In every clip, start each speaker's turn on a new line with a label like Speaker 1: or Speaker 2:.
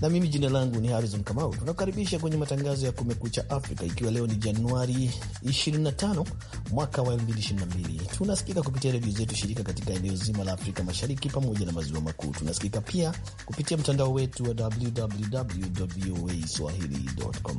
Speaker 1: na mimi jina langu ni Harrison Kamau. Tunakukaribisha kwenye matangazo ya Kumekucha Afrika, ikiwa leo ni Januari 25 mwaka wa 2022. Tunasikika kupitia redio zetu shirika katika eneo zima la Afrika Mashariki pamoja na maziwa makuu. Tunasikika pia kupitia mtandao wetu wa www voa swahili.com.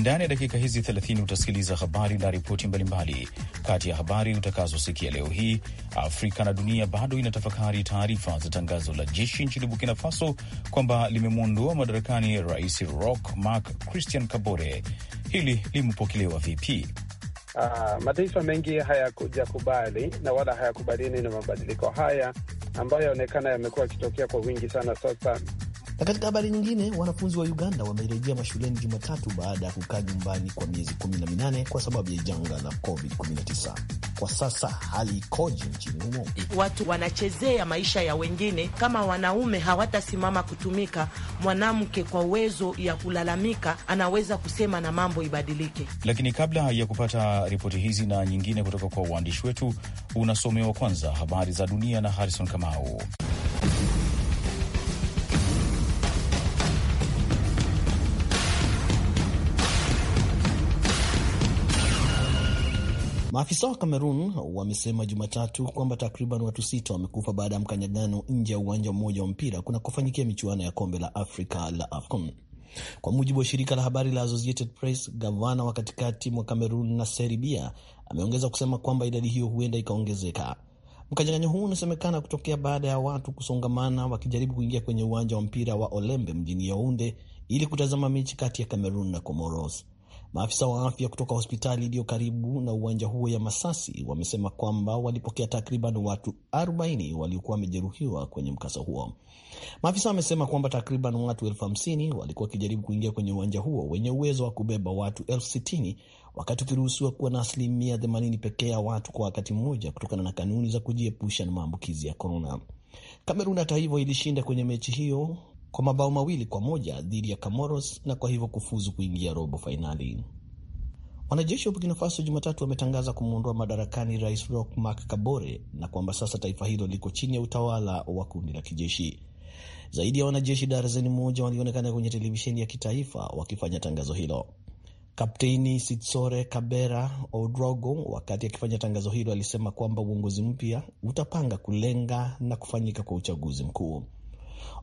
Speaker 2: Ndani ya dakika hizi 30 utasikiliza habari na ripoti mbalimbali. Kati ya habari utakazosikia leo hii, Afrika na dunia bado inatafakari taarifa za tangazo la jeshi nchini Burkina Faso kwamba limemwondoa madarakani Rais Roch Marc Christian Kabore. Hili limepokelewa vipi?
Speaker 3: Uh, mataifa mengi hayakujakubali na wala hayakubaliani na mabadiliko haya ambayo yaonekana yamekuwa yakitokea kwa wingi sana sasa
Speaker 1: na katika habari nyingine, wanafunzi wa Uganda wamerejea mashuleni Jumatatu baada ya kukaa nyumbani kwa miezi 18 kwa sababu ya janga la COVID-19. Kwa sasa hali ikoje nchini humo? Watu wanachezea maisha ya wengine. Kama wanaume hawatasimama kutumika, mwanamke kwa uwezo ya kulalamika anaweza kusema na mambo ibadilike.
Speaker 2: Lakini kabla ya kupata ripoti hizi na nyingine kutoka kwa uandishi wetu, unasomewa kwanza habari za dunia na Harrison Kamau.
Speaker 1: Maafisa wa Kamerun wamesema Jumatatu kwamba takriban watu sita wamekufa baada ya mkanyagano nje ya uwanja mmoja wa mpira kunakofanyikia michuano ya kombe la Afrika la AFCON. Kwa mujibu wa shirika la habari la Associated Press, gavana wa katikati mwa Kamerun na Seribia ameongeza kusema kwamba idadi hiyo huenda ikaongezeka. Mkanyaganyo huu unasemekana kutokea baada ya watu kusongamana wakijaribu kuingia kwenye uwanja wa mpira wa Olembe mjini Yaunde ili kutazama mechi kati ya Kamerun na Comoros. Maafisa wa afya kutoka hospitali iliyo karibu na uwanja huo ya Masasi wamesema kwamba walipokea takriban watu 40 waliokuwa wamejeruhiwa kwenye mkasa huo. Maafisa wamesema kwamba takriban watu elfu hamsini walikuwa wakijaribu kuingia kwenye uwanja huo wenye uwezo wa kubeba watu elfu sitini wakati ukiruhusiwa kuwa na asilimia 80 pekee ya watu kwa wakati mmoja kutokana na kanuni za kujiepusha na maambukizi ya korona. Kamerun hata hivyo ilishinda kwenye mechi hiyo kwa mabao mawili kwa moja dhidi ya Comoros na kwa hivyo kufuzu kuingia robo fainali. Wanajeshi wa Burkina Faso Jumatatu wametangaza kumwondoa madarakani Rais Roch Marc Kabore na kwamba sasa taifa hilo liko chini ya utawala wa kundi la kijeshi. Zaidi ya wanajeshi darzeni moja walionekana kwenye televisheni ya kitaifa wakifanya tangazo hilo. Kapteni Sitsore Kabera Odrogo, wakati akifanya tangazo hilo, alisema kwamba uongozi mpya utapanga kulenga na kufanyika kwa uchaguzi mkuu.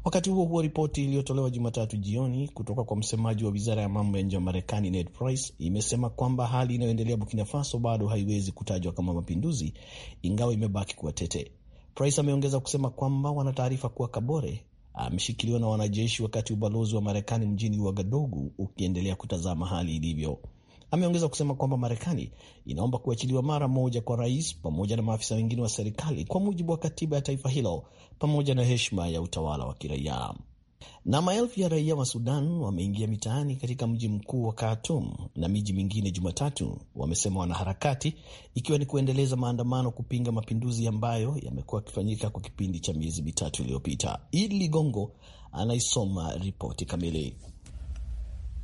Speaker 1: Wakati huo huo, ripoti iliyotolewa Jumatatu jioni kutoka kwa msemaji wa wizara ya mambo ya nje wa Marekani Ned Price imesema kwamba hali inayoendelea Burkina Faso bado haiwezi kutajwa kama mapinduzi, ingawa imebaki kuwa tete. Price ameongeza kusema kwamba wana taarifa kuwa Kabore ameshikiliwa na wanajeshi, wakati ubalozi wa Marekani mjini Wagadogu ukiendelea kutazama hali ilivyo. Ameongeza kusema kwamba Marekani inaomba kuachiliwa mara moja kwa rais pamoja na maafisa wengine wa serikali kwa mujibu wa katiba ya taifa hilo pamoja na heshima ya utawala wa kiraia. Na maelfu ya raia wa Sudan wameingia mitaani katika mji mkuu wa Khartoum na miji mingine Jumatatu, wamesema wanaharakati, ikiwa ni kuendeleza maandamano kupinga mapinduzi ambayo yamekuwa yakifanyika kwa kipindi cha miezi mitatu iliyopita. Idi Ligongo anaisoma ripoti kamili.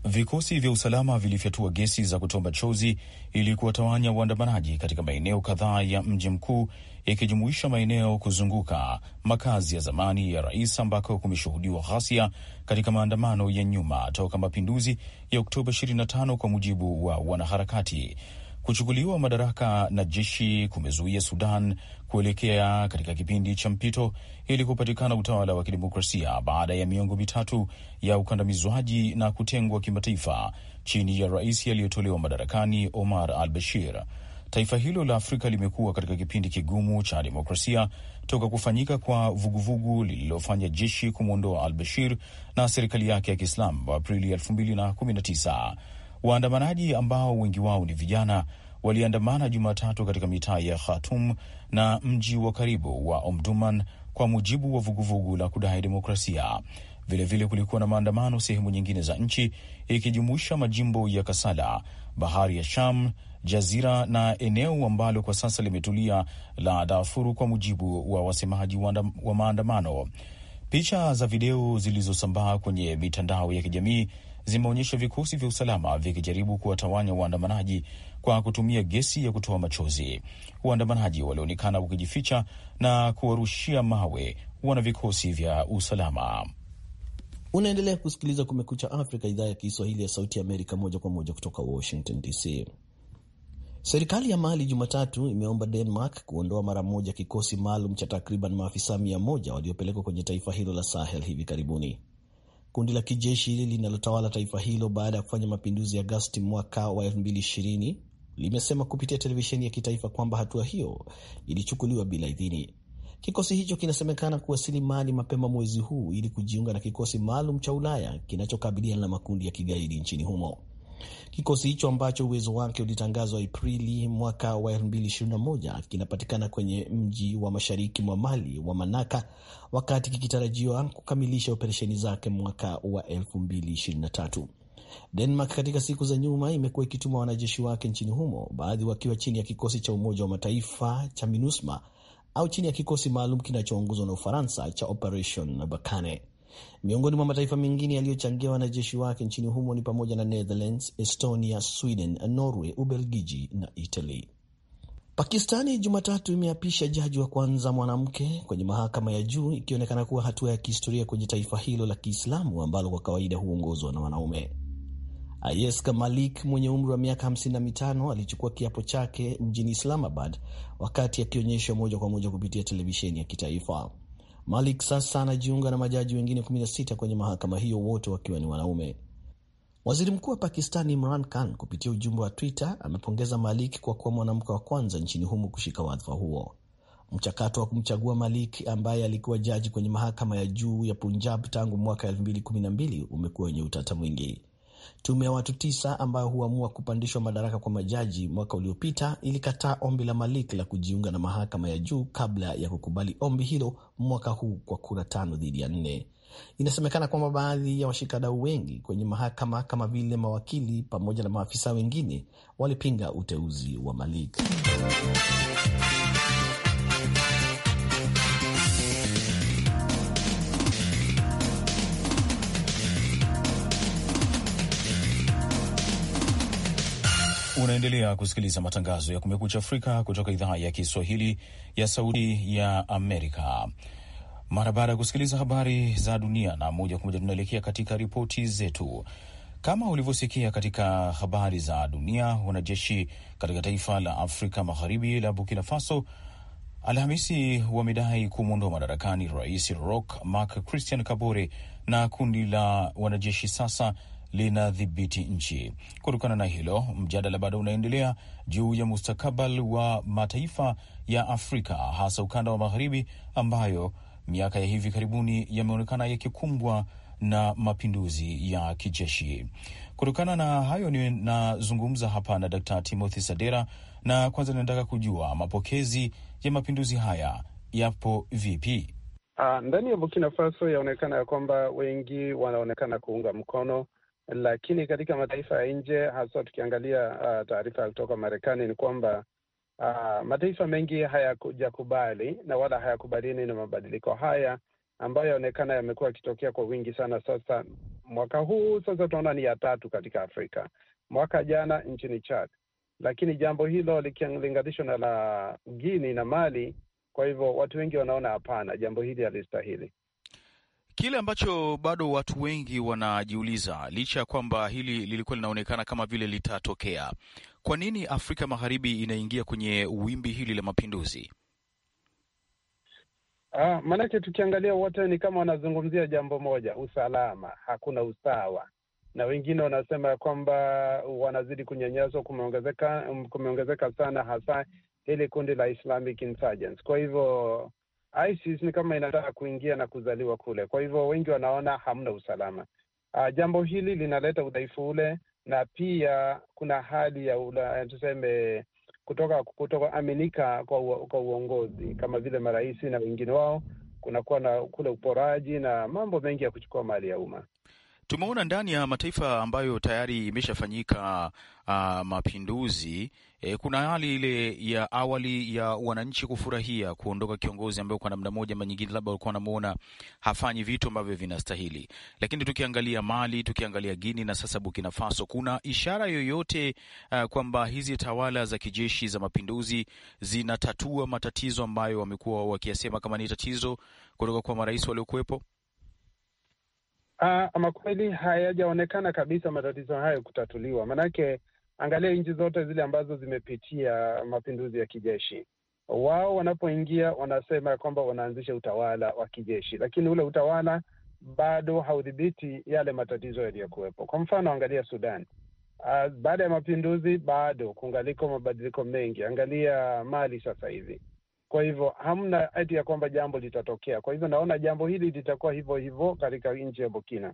Speaker 1: Vikosi vya usalama vilifyatua gesi za kutoa machozi
Speaker 2: ili kuwatawanya waandamanaji katika maeneo kadhaa ya mji mkuu ikijumuisha maeneo kuzunguka makazi ya zamani ya rais ambako kumeshuhudiwa ghasia katika maandamano ya nyuma toka mapinduzi ya Oktoba 25 kwa mujibu wa wanaharakati. Kuchukuliwa madaraka na jeshi kumezuia Sudan kuelekea katika kipindi cha mpito ili kupatikana utawala wa kidemokrasia baada ya miongo mitatu ya ukandamizwaji na kutengwa kimataifa chini ya rais aliyetolewa madarakani Omar al-Bashir. Taifa hilo la Afrika limekuwa katika kipindi kigumu cha demokrasia toka kufanyika kwa vuguvugu lililofanya jeshi kumwondoa al-Bashir na serikali yake ya Kiislamu Aprili 2019. Waandamanaji ambao wengi wao ni vijana waliandamana Jumatatu katika mitaa ya Khartoum na mji wa karibu wa Omdurman kwa mujibu wa vuguvugu la kudai demokrasia. Vilevile vile kulikuwa na maandamano sehemu nyingine za nchi ikijumuisha majimbo ya Kasala, Bahari ya Sham, Jazira na eneo ambalo kwa sasa limetulia la Darfuru kwa mujibu wa wasemaji wa maandamano. Picha za video zilizosambaa kwenye mitandao ya kijamii zimeonyesha vikosi vya usalama vikijaribu kuwatawanya waandamanaji kwa kutumia gesi ya kutoa machozi. Waandamanaji walionekana wakijificha na
Speaker 1: kuwarushia mawe wana vikosi vya usalama. Unaendelea kusikiliza Kumekucha Afrika, idhaa ya Kiswahili ya Sauti Amerika, moja kwa moja kutoka Washington DC. Serikali ya Mali Jumatatu imeomba Denmark kuondoa mara moja kikosi maalum cha takriban maafisa mia moja waliopelekwa kwenye taifa hilo la Sahel hivi karibuni. Kundi la kijeshi hili linalotawala taifa hilo baada ya kufanya mapinduzi Agasti mwaka wa limesema kupitia televisheni ya kitaifa kwamba hatua hiyo ilichukuliwa bila idhini. Kikosi hicho kinasemekana kuwasili Mali mapema mwezi huu ili kujiunga na kikosi maalum cha Ulaya kinachokabiliana na makundi ya kigaidi nchini humo. Kikosi hicho ambacho uwezo wake ulitangazwa Aprili mwaka wa 2021 kinapatikana kwenye mji wa mashariki mwa Mali wa Manaka, wakati kikitarajiwa kukamilisha operesheni zake mwaka wa 2023. Denmark katika siku za nyuma imekuwa ikituma wanajeshi wake nchini humo, baadhi wakiwa chini ya kikosi cha Umoja wa Mataifa cha MINUSMA au chini ya kikosi maalum kinachoongozwa na Ufaransa cha Operation Barkhane. Miongoni mwa mataifa mengine yaliyochangia wanajeshi wake nchini humo ni pamoja na Netherlands, Estonia, Sweden, Norway, Ubelgiji na Italy. Pakistani Jumatatu imeapisha jaji wa kwanza mwanamke kwenye mahakama ya juu ikionekana kuwa hatua ya kihistoria kwenye taifa hilo la Kiislamu ambalo kwa kawaida huongozwa na wanaume. Ayeska Malik mwenye umri wa miaka 55 alichukua kiapo chake mjini Islamabad wakati akionyeshwa moja kwa moja kupitia televisheni ya kitaifa. Malik sasa anajiunga na majaji wengine 16 kwenye mahakama hiyo, wote wakiwa ni wanaume. Waziri Mkuu wa Pakistan Imran Khan kupitia ujumbe wa Twitter amepongeza Malik kwa kuwa mwanamke wa kwanza nchini humo kushika wadhifa huo. Mchakato wa kumchagua Malik ambaye alikuwa jaji kwenye mahakama ya juu ya Punjab tangu mwaka 2012 umekuwa wenye utata mwingi. Tume ya watu tisa ambayo huamua kupandishwa madaraka kwa majaji mwaka uliopita ilikataa ombi la Malik la kujiunga na mahakama ya juu kabla ya kukubali ombi hilo mwaka huu kwa kura tano dhidi ya nne. Inasemekana kwamba baadhi ya washikadau wengi kwenye mahakama kama vile mawakili pamoja na maafisa wengine walipinga uteuzi wa Malik.
Speaker 2: Unaendelea kusikiliza matangazo ya Kumekucha Afrika kutoka idhaa ya Kiswahili ya Sauti ya Amerika. Mara baada ya kusikiliza habari za dunia, na moja kwa moja tunaelekea katika ripoti zetu. Kama ulivyosikia katika habari za dunia, wanajeshi katika taifa la Afrika Magharibi la Burkina Faso Alhamisi wamedai kumwondoa madarakani Rais Roch Marc Christian Kabore na kundi la wanajeshi sasa linadhibiti nchi. Kutokana na hilo, mjadala bado unaendelea juu ya mustakabali wa mataifa ya Afrika, hasa ukanda wa Magharibi, ambayo miaka ya hivi karibuni yameonekana yakikumbwa na mapinduzi ya kijeshi. Kutokana na hayo, ninazungumza hapa na Dkt. Timothy Sadera, na kwanza ninataka kujua mapokezi ya mapinduzi haya yapo vipi?
Speaker 3: Uh, ndani ya Burkina Faso yaonekana ya kwamba wengi wanaonekana kuunga mkono lakini katika mataifa ya nje hasa tukiangalia uh, taarifa kutoka Marekani ni kwamba uh, mataifa mengi hayajakubali na wala hayakubalini na mabadiliko haya ambayo yaonekana yamekuwa yakitokea kwa wingi sana sasa mwaka huu. Sasa tunaona ni ya tatu katika Afrika, mwaka jana nchini Chad, lakini jambo hilo likilinganishwa na la Guini na Mali. Kwa hivyo watu wengi wanaona hapana, jambo hili halistahili.
Speaker 2: Kile ambacho bado watu wengi wanajiuliza, licha ya kwamba hili lilikuwa linaonekana kama vile litatokea, kwa nini Afrika Magharibi inaingia kwenye wimbi hili la mapinduzi?
Speaker 3: Ah, maanake tukiangalia wote ni kama wanazungumzia jambo moja, usalama. Hakuna usawa, na wengine wanasema ya kwamba wanazidi kunyanyaswa, kumeongezeka kumeongezeka sana, hasa hili kundi la Islamic Insurgents. Kwa hivyo ISIS ni kama inataka kuingia na kuzaliwa kule. Kwa hivyo wengi wanaona hamna usalama. Uh, jambo hili linaleta udhaifu ule, na pia kuna hali ya ula, tuseme kutoka kutokuaminika kwa, kwa uongozi kama vile marais na wengine wao, kunakuwa na kule uporaji na mambo mengi ya kuchukua mali ya umma
Speaker 2: tumeona ndani ya mataifa ambayo tayari imeshafanyika uh, mapinduzi e, kuna hali ile ya awali ya wananchi kufurahia kuondoka kiongozi ambayo kwa namna moja ama nyingine labda walikuwa wanamuona hafanyi vitu ambavyo vinastahili. Lakini tukiangalia Mali, tukiangalia Guini na sasa Burkina Faso, kuna ishara yoyote uh, kwamba hizi tawala za kijeshi za mapinduzi zinatatua matatizo ambayo wamekuwa wakiyasema kama ni tatizo kutoka kwa marais waliokuwepo?
Speaker 3: Ah, ama kweli hayajaonekana kabisa matatizo hayo kutatuliwa. Maanake angalia nchi zote zile ambazo zimepitia mapinduzi ya kijeshi, wao wanapoingia wanasema ya kwamba wanaanzisha utawala wa kijeshi, lakini ule utawala bado haudhibiti yale matatizo yaliyokuwepo. Kwa mfano, angalia Sudan. Uh, baada ya mapinduzi bado kungaliko mabadiliko mengi. Angalia Mali sasa hivi kwa hivyo hamna hati ya kwamba jambo litatokea. Kwa hivyo naona jambo hili litakuwa hivyo hivyo katika nchi ya Burkina.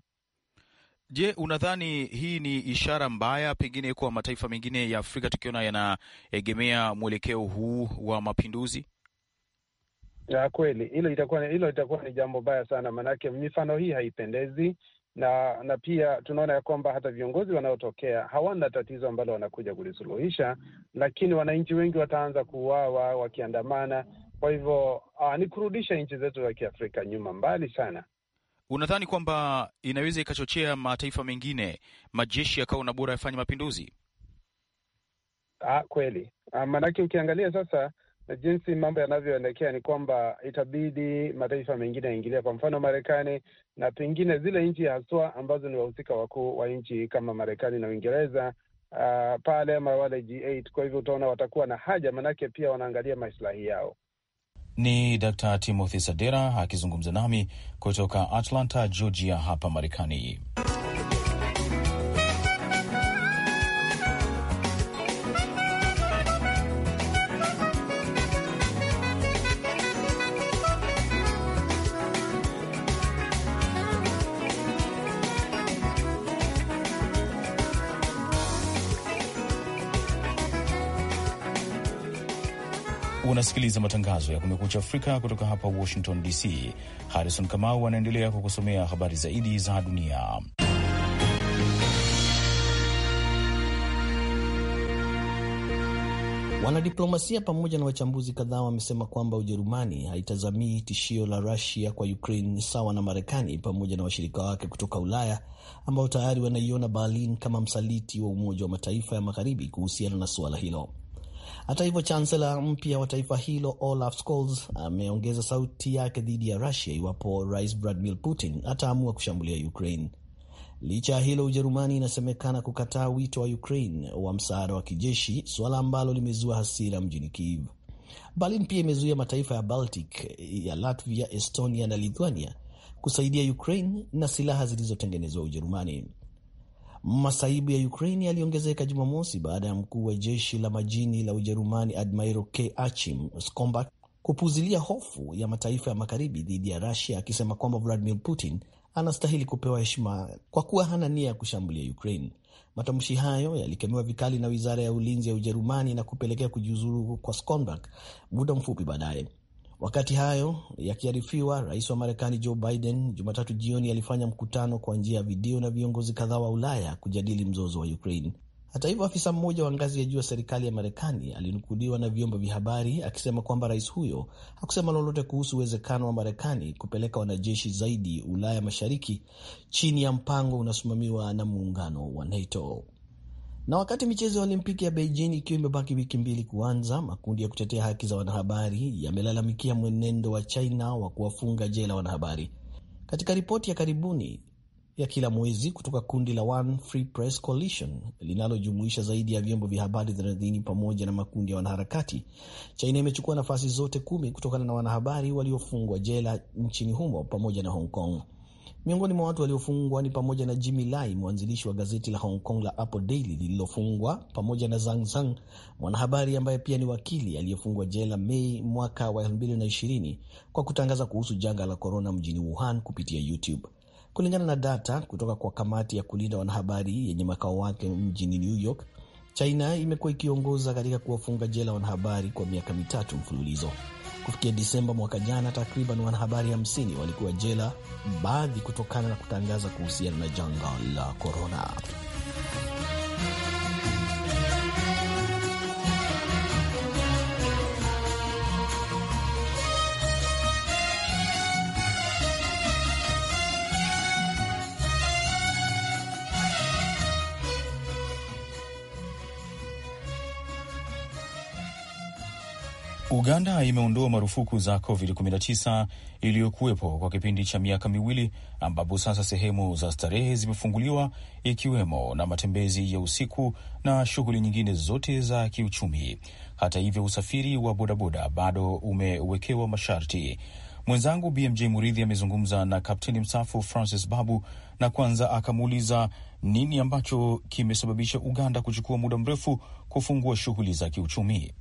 Speaker 2: Je, unadhani hii ni ishara mbaya pengine kwa mataifa mengine ya Afrika tukiona yanaegemea mwelekeo huu wa mapinduzi?
Speaker 3: Ya kweli, hilo itakuwa hilo itakuwa ni jambo baya sana, maanake mifano hii haipendezi na na pia tunaona ya kwamba hata viongozi wanaotokea hawana tatizo ambalo wanakuja kulisuluhisha, lakini wananchi wengi wataanza kuuawa wakiandamana. Kwa hivyo ah, ni kurudisha nchi zetu za Kiafrika nyuma mbali sana.
Speaker 2: Unadhani kwamba inaweza ikachochea mataifa mengine, majeshi yakawa na bora yafanye mapinduzi?
Speaker 3: Ah, kweli, ah, maanake ukiangalia sasa na jinsi mambo yanavyoelekea ni kwamba itabidi mataifa mengine yaingilia, kwa mfano Marekani na pengine zile nchi haswa ambazo ni wahusika wakuu wa nchi kama Marekani na Uingereza uh, pale ama wale G8. Kwa hivyo utaona watakuwa na haja, maanake pia wanaangalia maslahi yao.
Speaker 2: Ni Dr. Timothy Sadera akizungumza nami kutoka Atlanta, Georgia hapa Marekani. Unasikiliza matangazo ya Kumekucha Afrika kutoka hapa Washington DC. Harrison Kamau anaendelea kukusomea habari zaidi za dunia.
Speaker 1: Wanadiplomasia pamoja na wachambuzi kadhaa wamesema kwamba Ujerumani haitazamii tishio la Rusia kwa Ukraine sawa na Marekani pamoja na washirika wake kutoka Ulaya ambao tayari wanaiona Berlin kama msaliti wa Umoja wa Mataifa ya Magharibi kuhusiana na suala hilo. Hata hivyo, chansela mpya wa taifa hilo Olaf Scholz ameongeza sauti yake dhidi ya Rusia iwapo Rais Vladimir Putin ataamua kushambulia Ukraine. Licha ya hilo, Ujerumani inasemekana kukataa wito wa Ukraine wa msaada wa kijeshi, suala ambalo limezua hasira mjini Kiev. Berlin pia imezuia mataifa ya Baltic ya Latvia, Estonia na Lithuania kusaidia Ukraine na silaha zilizotengenezwa Ujerumani. Masaibu ya Ukraini yaliongezeka Jumamosi baada ya mkuu wa jeshi la majini la Ujerumani Admiral K Achim Scombak kupuzilia hofu ya mataifa ya magharibi dhidi ya Rusia akisema kwamba Vladimir Putin anastahili kupewa heshima kwa kuwa hana nia ya kushambulia Ukraine. Matamshi hayo yalikemewa vikali na wizara ya ulinzi ya Ujerumani na kupelekea kujiuzuru kwa Skondak muda mfupi baadaye. Wakati hayo yakiarifiwa, rais wa Marekani Joe Biden Jumatatu jioni alifanya mkutano kwa njia ya video na viongozi kadhaa wa Ulaya kujadili mzozo wa Ukraine. Hata hivyo, afisa mmoja wa ngazi ya juu ya serikali ya Marekani alinukuliwa na vyombo vya habari akisema kwamba rais huyo hakusema lolote kuhusu uwezekano wa Marekani kupeleka wanajeshi zaidi Ulaya Mashariki chini ya mpango unaosimamiwa na muungano wa NATO. Na wakati michezo ya Olimpiki ya Beijing ikiwa imebaki wiki mbili kuanza, makundi ya kutetea haki za wanahabari yamelalamikia mwenendo wa China wa kuwafunga jela wanahabari. Katika ripoti ya karibuni ya kila mwezi kutoka kundi la One Free Press Coalition linalojumuisha zaidi ya vyombo vya habari 30 pamoja na makundi ya wanaharakati, China imechukua nafasi zote kumi kutokana na wanahabari waliofungwa jela nchini humo pamoja na Hong Kong. Miongoni mwa watu waliofungwa ni pamoja na Jimmy Lai, mwanzilishi wa gazeti la Hong Kong la Apple Daily lililofungwa, pamoja na Zhang Zhang, mwanahabari ambaye pia ni wakili aliyefungwa jela Mei mwaka wa 2020 kwa kutangaza kuhusu janga la korona mjini Wuhan kupitia YouTube. Kulingana na data kutoka kwa kamati ya kulinda wanahabari yenye makao wake mjini New York, China imekuwa ikiongoza katika kuwafunga jela wanahabari kwa miaka mitatu mfululizo. Kufikia Disemba mwaka jana, takriban wanahabari 50 walikuwa jela, baadhi kutokana na kutangaza kuhusiana na janga la korona.
Speaker 2: Uganda imeondoa marufuku za COVID-19 iliyokuwepo kwa kipindi cha miaka miwili ambapo sasa sehemu za starehe zimefunguliwa ikiwemo na matembezi ya usiku na shughuli nyingine zote za kiuchumi. Hata hivyo, usafiri wa bodaboda bado umewekewa masharti. Mwenzangu BMJ Muridhi amezungumza na Kapteni mstaafu Francis Babu na kwanza akamuuliza nini ambacho kimesababisha Uganda kuchukua muda mrefu kufungua shughuli za kiuchumi.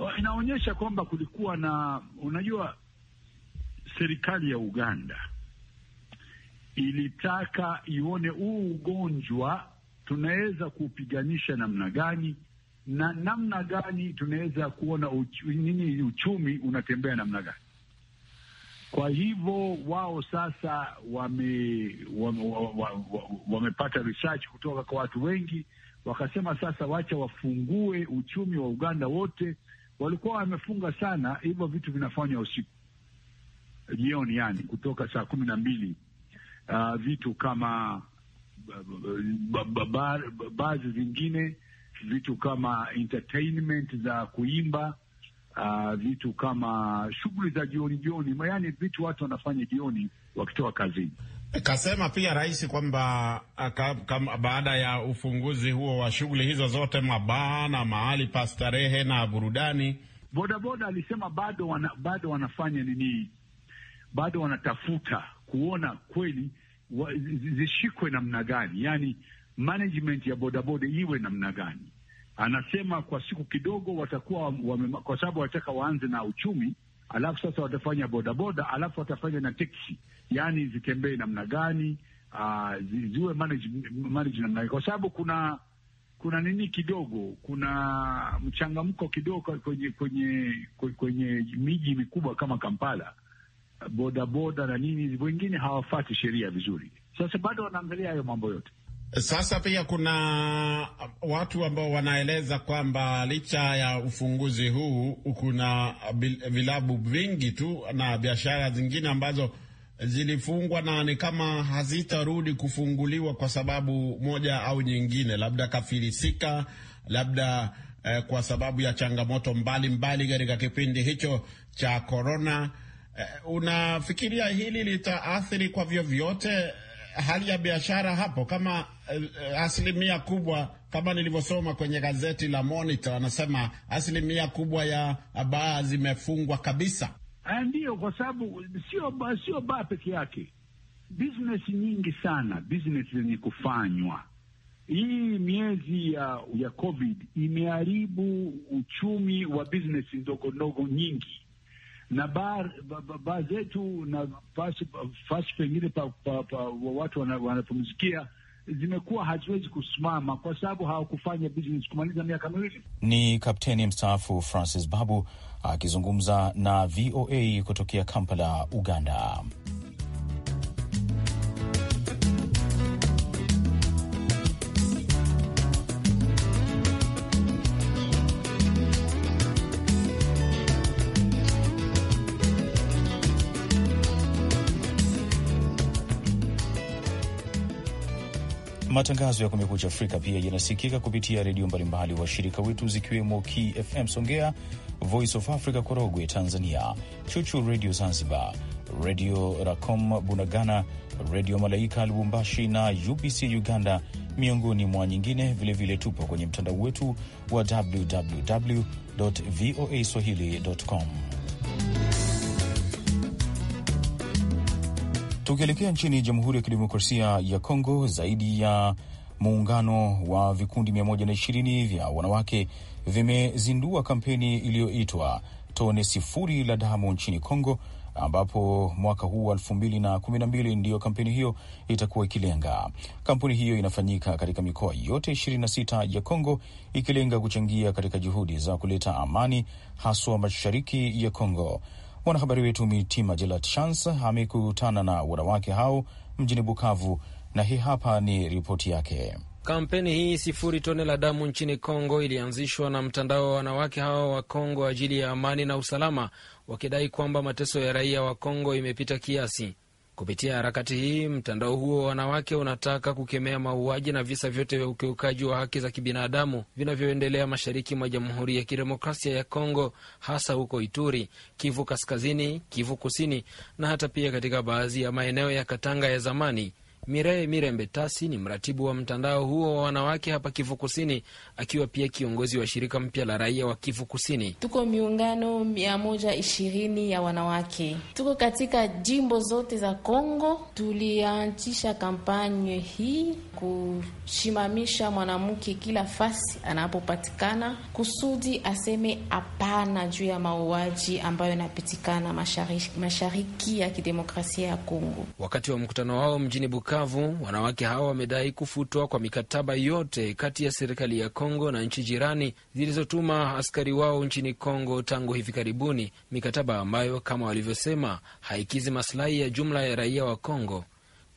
Speaker 4: Oh, inaonyesha kwamba kulikuwa na, unajua, serikali ya Uganda ilitaka ione huu ugonjwa tunaweza kuupiganisha namna gani na namna gani tunaweza kuona uchu, nini uchumi unatembea namna gani. Kwa hivyo wao sasa wame, wame, wame, wamepata research kutoka kwa watu wengi, wakasema sasa wacha wafungue uchumi wa Uganda wote walikuwa wamefunga sana, hivyo vitu vinafanywa usiku, jioni, yani kutoka saa kumi na mbili. Uh, vitu kama uh, baadhi zingine, vitu kama entertainment za kuimba uh, vitu kama shughuli za jioni jioni, yaani vitu watu wanafanya jioni wakitoka kazini.
Speaker 3: Kasema pia rais kwamba uh, baada ya ufunguzi huo wa shughuli hizo zote, mabaa na mahali pa starehe na burudani,
Speaker 4: bodaboda alisema bado wana, bado wanafanya nini, bado wanatafuta kuona kweli zishikwe namna gani, yani management ya bodaboda iwe namna gani Anasema kwa siku kidogo watakuwa wame, kwa sababu wanataka waanze na uchumi, alafu sasa watafanya bodaboda, alafu watafanya na teksi, yaani zitembee namna gani, ah, ziwe manage namna kwa sababu kuna kuna nini kidogo, kuna mchangamko kidogo kwenye kwenye kwenye miji mikubwa kama Kampala, bodaboda na nini, wengine hawafati sheria vizuri. Sasa bado wanaangalia hayo mambo yote.
Speaker 3: Sasa pia kuna uh, watu ambao wanaeleza kwamba licha ya ufunguzi huu kuna vilabu vingi tu na biashara zingine ambazo zilifungwa na ni kama hazitarudi kufunguliwa kwa sababu moja au nyingine, labda kafilisika, labda eh, kwa sababu ya changamoto mbalimbali katika kipindi hicho cha korona. Eh, unafikiria hili litaathiri kwa vyovyote hali ya biashara hapo kama uh, asilimia kubwa kama nilivyosoma kwenye gazeti la Monitor, anasema asilimia kubwa ya baa zimefungwa kabisa.
Speaker 4: Ah, Ndiyo, kwa sababu sio sio baa peke yake, business nyingi sana, business zenye kufanywa. Hii miezi ya ya COVID imeharibu uchumi wa business ndogo ndogo nyingi na bar, ba zetu na fasi pengine pa, pa, pa watu wanapumzikia zimekuwa haziwezi kusimama kwa sababu hawakufanya business kumaliza miaka miwili.
Speaker 2: Ni kapteni mstaafu Francis Babu akizungumza na VOA kutokea Kampala, Uganda. Matangazo ya Kumekucha Afrika pia yanasikika kupitia redio mbalimbali washirika wetu zikiwemo KFM Songea, Voice of Africa Korogwe Tanzania, Chuchu Redio Zanzibar, Redio Racom Bunagana, Redio Malaika Lubumbashi na UBC Uganda, miongoni mwa nyingine. Vilevile vile tupo kwenye mtandao wetu wa www voa swahili.com. Tukielekea nchini Jamhuri ya Kidemokrasia ya Kongo, zaidi ya muungano wa vikundi 120 vya wanawake vimezindua kampeni iliyoitwa tone sifuri la damu nchini Kongo, ambapo mwaka huu wa elfu mbili na kumi na mbili ndiyo kampeni hiyo itakuwa ikilenga. Kampuni hiyo inafanyika katika mikoa yote 26 ya Kongo, ikilenga kuchangia katika juhudi za kuleta amani haswa mashariki ya Kongo. Mwanahabari wetu Mitima Jelat Shans amekutana na wanawake hao mjini Bukavu, na hii hapa ni ripoti yake.
Speaker 5: Kampeni hii sifuri tone la damu nchini Kongo ilianzishwa na mtandao wa wanawake hao wa Kongo ajili ya amani na usalama, wakidai kwamba mateso ya raia wa Kongo imepita kiasi. Kupitia harakati hii, mtandao huo wa wanawake unataka kukemea mauaji na visa vyote vya ukiukaji wa haki za kibinadamu vinavyoendelea mashariki mwa Jamhuri ya Kidemokrasia ya Kongo, hasa huko Ituri, Kivu Kaskazini, Kivu Kusini na hata pia katika baadhi ya maeneo ya Katanga ya zamani Mireye Mirembe Tasi ni mratibu wa mtandao huo wa wanawake hapa Kivu Kusini, akiwa pia kiongozi wa shirika mpya la raia wa Kivu Kusini. Tuko miungano mia moja ishirini ya wanawake, tuko katika jimbo zote za Kongo. Tulianzisha kampanye hii kushimamisha mwanamke kila fasi anapopatikana, kusudi aseme hapana juu ya mauaji ambayo yanapitikana mashariki, mashariki ya kidemokrasia ya Kongo. Wakati wa mkutano wao mjini Buka kavu, wanawake hawa wamedai kufutwa kwa mikataba yote kati ya serikali ya Kongo na nchi jirani zilizotuma askari wao nchini Kongo tangu hivi karibuni, mikataba ambayo kama walivyosema haikizi masilahi ya jumla ya raia wa Kongo.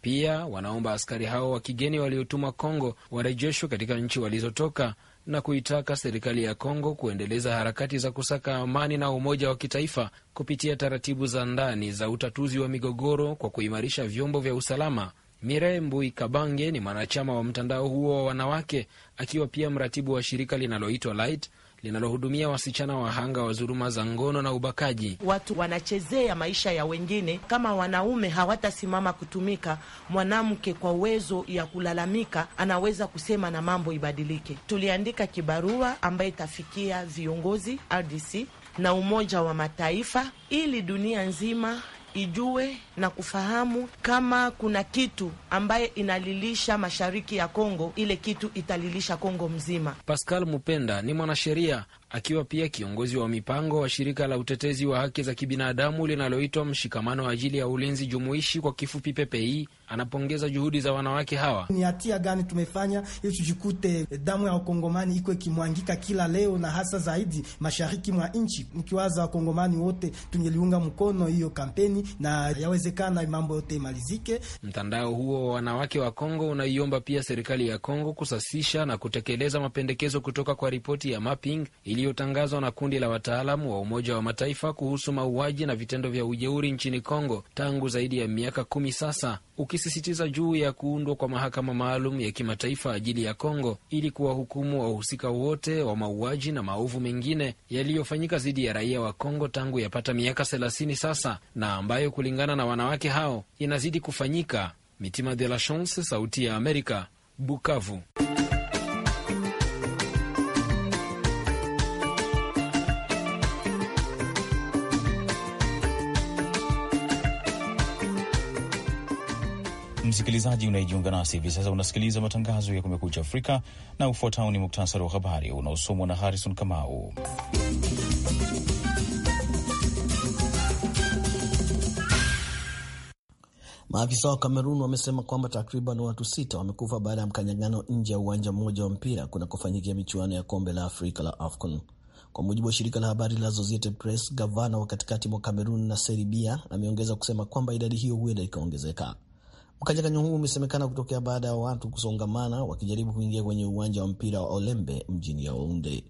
Speaker 5: Pia wanaomba askari hao wa kigeni waliotumwa Kongo warejeshwe katika nchi walizotoka na kuitaka serikali ya Kongo kuendeleza harakati za kusaka amani na umoja wa kitaifa kupitia taratibu za ndani za utatuzi wa migogoro kwa kuimarisha vyombo vya usalama mire Mbui Kabange ni mwanachama wa mtandao huo wa wanawake, akiwa pia mratibu wa shirika linaloitwa Light linalohudumia wasichana wahanga wa dhuluma za ngono na ubakaji.
Speaker 1: Watu wanachezea maisha ya wengine. Kama wanaume hawatasimama kutumika, mwanamke kwa uwezo ya kulalamika anaweza kusema na mambo ibadilike. Tuliandika kibarua ambaye itafikia viongozi RDC na Umoja wa Mataifa ili dunia nzima ijue na kufahamu kama kuna kitu ambaye inalilisha mashariki ya Kongo, ile kitu italilisha Kongo mzima.
Speaker 5: Pascal Mupenda ni mwanasheria akiwa pia kiongozi wa mipango wa shirika la utetezi wa haki za kibinadamu linaloitwa Mshikamano wa ajili ya ulinzi jumuishi, kwa kifupi PPI, anapongeza juhudi za wanawake hawa. Ni
Speaker 1: hatia gani tumefanya ili tujikute damu ya wakongomani iko ikimwangika kila leo, na hasa zaidi mashariki mwa nchi? Mkiwaza wakongomani wote tungeliunga mkono hiyo kampeni, na yawezekana mambo yote imalizike.
Speaker 5: Mtandao huo wa wanawake wa Kongo unaiomba pia serikali ya Kongo kusasisha na kutekeleza mapendekezo kutoka kwa ripoti ya mapping ili iliyotangazwa na kundi la wataalamu wa Umoja wa Mataifa kuhusu mauaji na vitendo vya ujeuri nchini Kongo tangu zaidi ya miaka kumi sasa, ukisisitiza juu ya kuundwa kwa mahakama maalum ya kimataifa ajili ya Kongo ili kuwahukumu wahusika wote wa mauaji na maovu mengine yaliyofanyika dhidi ya raia wa Kongo tangu yapata miaka thelathini sasa, na ambayo kulingana na wanawake hao inazidi kufanyika. Mitima de la Chance, Sauti ya Amerika, Bukavu.
Speaker 2: Msikilizaji unayejiunga nasi hivi sasa, unasikiliza matangazo ya Kumekucha Afrika na ufuatao ni muktasari wa habari unaosomwa na Harrison Kamau.
Speaker 1: Maafisa wa Kamerun wamesema kwamba takriban watu sita wamekufa baada ya mkanyagano nje ya uwanja mmoja wa mpira kunakofanyikia michuano ya kombe la Afrika la AFCON. Kwa mujibu wa shirika la habari la Associated Press, gavana wa katikati mwa Kamerun na seribia ameongeza kusema kwamba idadi hiyo huenda ikaongezeka. Mkanyakanyo huu umesemekana kutokea baada ya watu kusongamana wakijaribu kuingia kwenye uwanja wa mpira wa Olembe mjini Yaounde.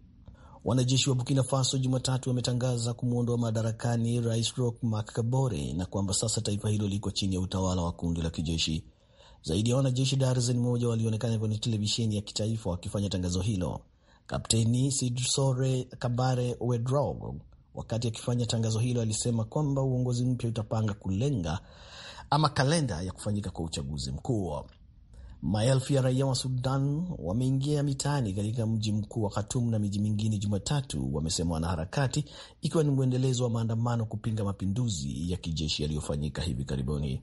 Speaker 1: Wanajeshi wa Burkina Faso Jumatatu wametangaza kumwondoa madarakani Rais Roch Marc Kabore na kwamba sasa taifa hilo liko chini ya utawala wa kundi la kijeshi. Zaidi ya wanajeshi darzeni moja walionekana kwenye televisheni ya kitaifa wakifanya tangazo hilo. Kapteni Sidsore Kabare Wedrog, wakati akifanya tangazo hilo, alisema kwamba uongozi mpya utapanga kulenga ama kalenda ya kufanyika kwa uchaguzi mkuu. Maelfu ya raia wa Sudan wameingia mitaani katika mji mkuu wa Khartoum na miji mingine Jumatatu, wamesema wanaharakati, ikiwa ni mwendelezo wa maandamano kupinga mapinduzi ya kijeshi yaliyofanyika hivi karibuni.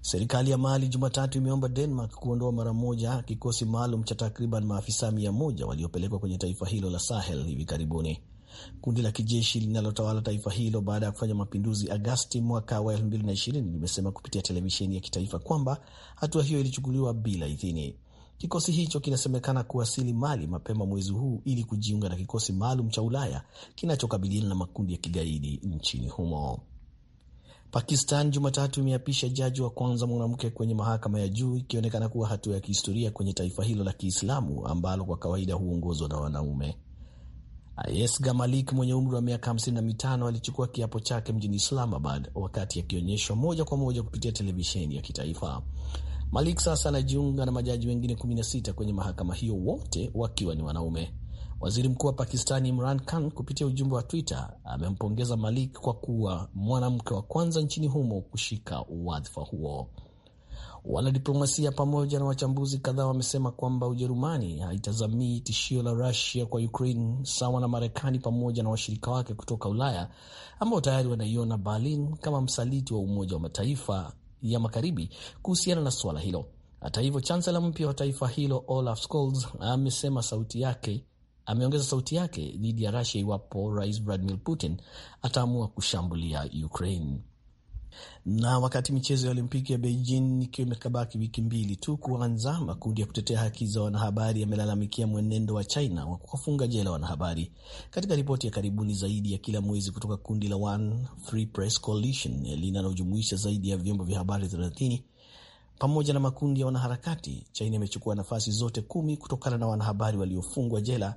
Speaker 1: Serikali ya Mali Jumatatu imeomba Denmark kuondoa mara moja kikosi maalum cha takriban maafisa mia moja waliopelekwa kwenye taifa hilo la Sahel hivi karibuni. Kundi la kijeshi linalotawala taifa hilo baada ya kufanya mapinduzi Agasti mwaka wa 2020 limesema kupitia televisheni ya kitaifa kwamba hatua hiyo ilichukuliwa bila idhini. Kikosi hicho kinasemekana kuwasili Mali mapema mwezi huu ili kujiunga na kikosi maalum cha Ulaya kinachokabiliana na makundi ya kigaidi nchini humo. Pakistan Jumatatu imeapisha jaji wa kwanza mwanamke kwenye mahakama ya juu ikionekana kuwa hatua ya kihistoria kwenye taifa hilo la Kiislamu ambalo kwa kawaida huongozwa na wanaume. Ayesga Malik mwenye umri wa miaka 55 alichukua kiapo chake mjini Islamabad wakati akionyeshwa moja kwa moja kupitia televisheni ya kitaifa. Malik sasa anajiunga na majaji wengine 16 kwenye mahakama hiyo, wote wakiwa ni wanaume. Waziri Mkuu wa Pakistani Imran Khan kupitia ujumbe wa Twitter amempongeza Malik kwa kuwa mwanamke wa kwanza nchini humo kushika wadhifa huo. Wanadiplomasia pamoja na wachambuzi kadhaa wamesema kwamba Ujerumani haitazamii tishio la Rusia kwa Ukraine sawa na Marekani pamoja na washirika wake kutoka Ulaya ambao tayari wanaiona Berlin kama msaliti wa Umoja wa Mataifa ya Magharibi kuhusiana na suala hilo. Hata hivyo, chansela mpya wa taifa hilo Olaf Scholz amesema sauti yake ameongeza sauti yake dhidi ya Rusia iwapo Rais Vladimir Putin ataamua kushambulia Ukraine. Na wakati michezo ya Olimpiki ya Beijing ikiwa imekabaki wiki mbili tu kuanza, makundi ya kutetea haki za wanahabari yamelalamikia mwenendo wa China wa kuwafunga jela wanahabari. Katika ripoti ya karibuni zaidi ya kila mwezi kutoka kundi la One Free Press Coalition linalojumuisha zaidi ya vyombo vya habari 30 pamoja na makundi ya wanaharakati, China imechukua nafasi zote kumi kutokana na wanahabari waliofungwa jela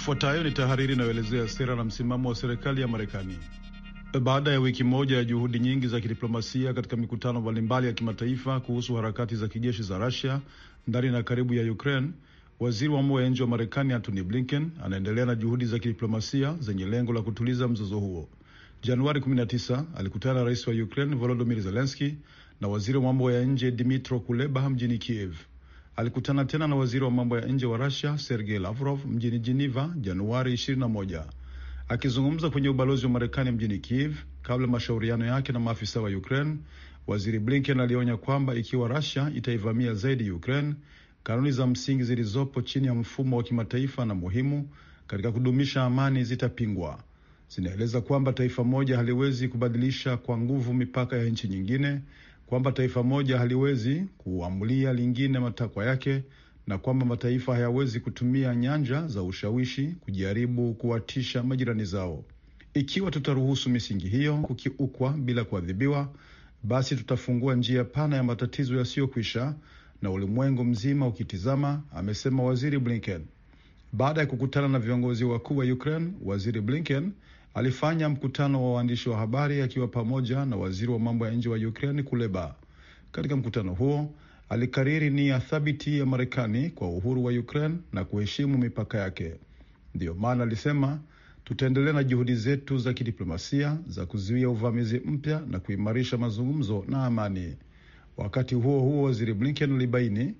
Speaker 6: Ifuatayo ni tahariri inayoelezea sera na msimamo wa serikali ya Marekani. Baada ya wiki moja ya juhudi nyingi za kidiplomasia katika mikutano mbalimbali ya kimataifa kuhusu harakati za kijeshi za Rusia ndani na karibu ya Ukraine, waziri wa mambo ya nje wa Marekani Antony Blinken anaendelea na juhudi za kidiplomasia zenye lengo la kutuliza mzozo huo. Januari 19 alikutana na rais wa Ukraine volodimir zelenski na waziri wa mambo ya nje Dmitro Kuleba mjini Kiev alikutana tena na waziri wa mambo ya nje wa Rusia Sergei Lavrov mjini Geneva Januari 21. Akizungumza kwenye ubalozi wa Marekani mjini Kiev kabla mashauriano yake na maafisa wa Ukraine, waziri Blinken alionya kwamba ikiwa Rusia itaivamia zaidi Ukraine, kanuni za msingi zilizopo chini ya mfumo wa kimataifa na muhimu katika kudumisha amani zitapingwa. Zinaeleza kwamba taifa moja haliwezi kubadilisha kwa nguvu mipaka ya nchi nyingine kwamba taifa moja haliwezi kuamulia lingine matakwa yake na kwamba mataifa hayawezi kutumia nyanja za ushawishi kujaribu kuwatisha majirani zao. Ikiwa tutaruhusu misingi hiyo kukiukwa bila kuadhibiwa, basi tutafungua njia pana ya matatizo yasiyokwisha na ulimwengu mzima ukitizama, amesema Waziri Blinken baada ya kukutana na viongozi wakuu wa Ukraine. Waziri Blinken alifanya mkutano wa waandishi wa habari akiwa pamoja na waziri wa mambo ya nje wa Ukraine Kuleba. Katika mkutano huo alikariri nia thabiti ya Marekani kwa uhuru wa Ukraine na kuheshimu mipaka yake. Ndiyo maana alisema tutaendelea na juhudi zetu za kidiplomasia za kuzuia uvamizi mpya na kuimarisha mazungumzo na amani. Wakati huo huo, waziri Blinken alibaini,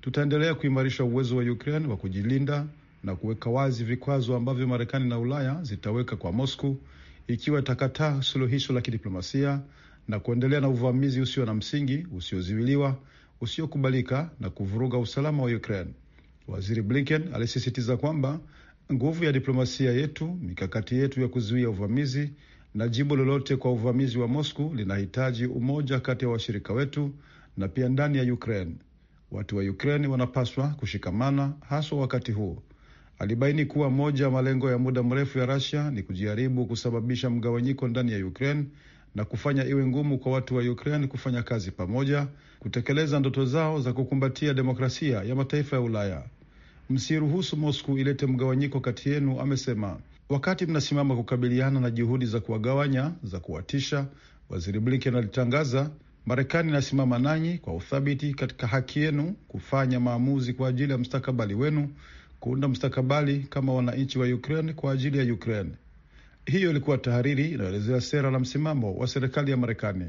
Speaker 6: tutaendelea kuimarisha uwezo wa Ukraine wa kujilinda na kuweka wazi vikwazo ambavyo Marekani na Ulaya zitaweka kwa Moscow ikiwa itakataa suluhisho la kidiplomasia na kuendelea na uvamizi usio na msingi, usioziwiliwa, usiokubalika na kuvuruga usalama wa Ukraine. Waziri Blinken alisisitiza kwamba nguvu ya diplomasia yetu, mikakati yetu ya kuzuia uvamizi na jibu lolote kwa uvamizi wa Moscow linahitaji umoja kati ya washirika wetu na pia ndani ya Ukraine. Watu wa Ukraine wanapaswa kushikamana haswa wakati huu alibaini kuwa moja ya malengo ya muda mrefu ya Russia ni kujaribu kusababisha mgawanyiko ndani ya Ukraine na kufanya iwe ngumu kwa watu wa Ukraine kufanya kazi pamoja, kutekeleza ndoto zao za kukumbatia demokrasia ya mataifa ya Ulaya. Msiruhusu Moscow ilete mgawanyiko kati yenu, amesema. Wakati mnasimama kukabiliana na juhudi za kuwagawanya, za kuwatisha, Waziri Blinken alitangaza, Marekani inasimama nanyi kwa uthabiti katika haki yenu kufanya maamuzi kwa ajili ya mstakabali wenu kuunda mstakabali kama wananchi wa Ukraine kwa ajili ya Ukraine. Hiyo ilikuwa tahariri inayoelezea sera na msimamo wa serikali ya Marekani.